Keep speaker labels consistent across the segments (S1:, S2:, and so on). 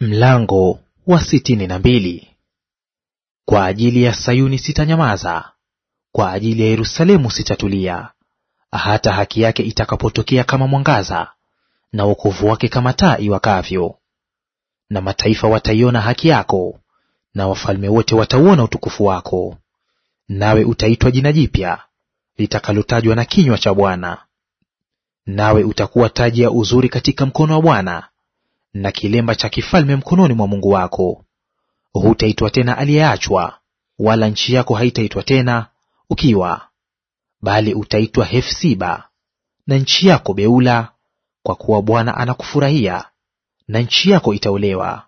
S1: Mlango wa sitini na mbili. Kwa ajili ya Sayuni sitanyamaza, kwa ajili ya Yerusalemu sitatulia, hata haki yake itakapotokea kama mwangaza, na wokovu wake kama taa iwakavyo. Na mataifa wataiona haki yako, na wafalme wote watauona utukufu wako, nawe utaitwa jina jipya litakalotajwa na kinywa cha Bwana. Nawe utakuwa taji ya uzuri katika mkono wa Bwana na kilemba cha kifalme mkononi mwa Mungu wako. Hutaitwa tena aliyeachwa, wala nchi yako haitaitwa tena ukiwa, bali utaitwa Hefsiba na nchi yako Beula, kwa kuwa Bwana anakufurahia na nchi yako itaolewa.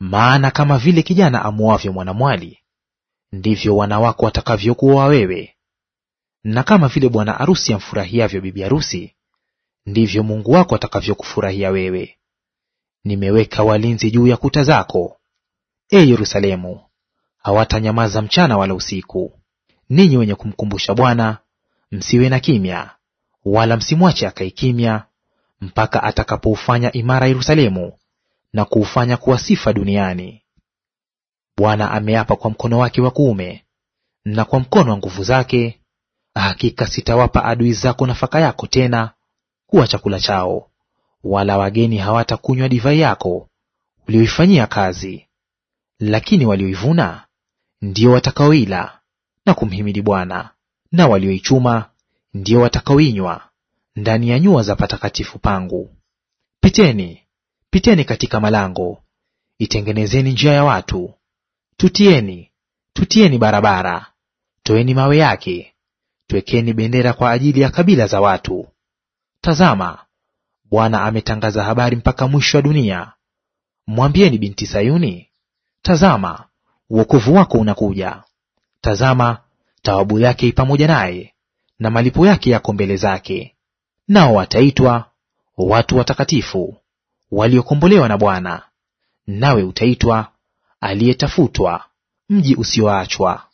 S1: Maana kama vile kijana amuavyo mwanamwali, ndivyo wanawako wako watakavyokuoa wewe, na kama vile bwana arusi amfurahiavyo bibi arusi, ndivyo Mungu wako atakavyokufurahia wewe nimeweka walinzi juu ya kuta zako, e Yerusalemu, hawatanyamaza mchana wala usiku. Ninyi wenye kumkumbusha Bwana, msiwe na kimya, wala msimwache akae kimya, mpaka atakapoufanya imara Yerusalemu na kuufanya kuwa sifa duniani. Bwana ameapa kwa mkono wake wa kuume na kwa mkono wa nguvu zake, hakika sitawapa adui zako nafaka yako tena kuwa chakula chao, wala wageni hawatakunywa divai yako uliyoifanyia kazi. Lakini walioivuna ndio watakaoila na kumhimidi Bwana, na walioichuma ndio watakaoinywa ndani ya nyua za patakatifu pangu. Piteni, piteni katika malango, itengenezeni njia ya watu, tutieni, tutieni barabara, toeni mawe yake, twekeni bendera kwa ajili ya kabila za watu. Tazama, Bwana ametangaza habari mpaka mwisho wa dunia. Mwambieni binti Sayuni, tazama uokovu wako unakuja. Tazama tawabu yake i pamoja naye, na malipo yake yako mbele zake. Nao wataitwa watu watakatifu, waliokombolewa na Bwana. Nawe utaitwa aliyetafutwa, mji usioachwa.